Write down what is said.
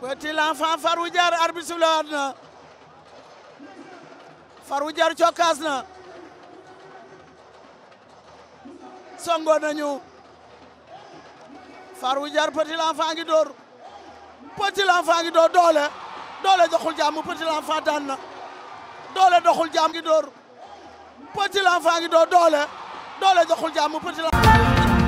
Petit l'enfant Farou Diar arbitre sifflé waat na Farou Diar cokkaas na songo nañu Farou Diar Petit ngi door Petit l'enfant ngi door doole doole doxul jàmm Petit l'enfant daan na doole doxul jàmm ngi door Petit l'enfant ngi door doole doole doxul jàmm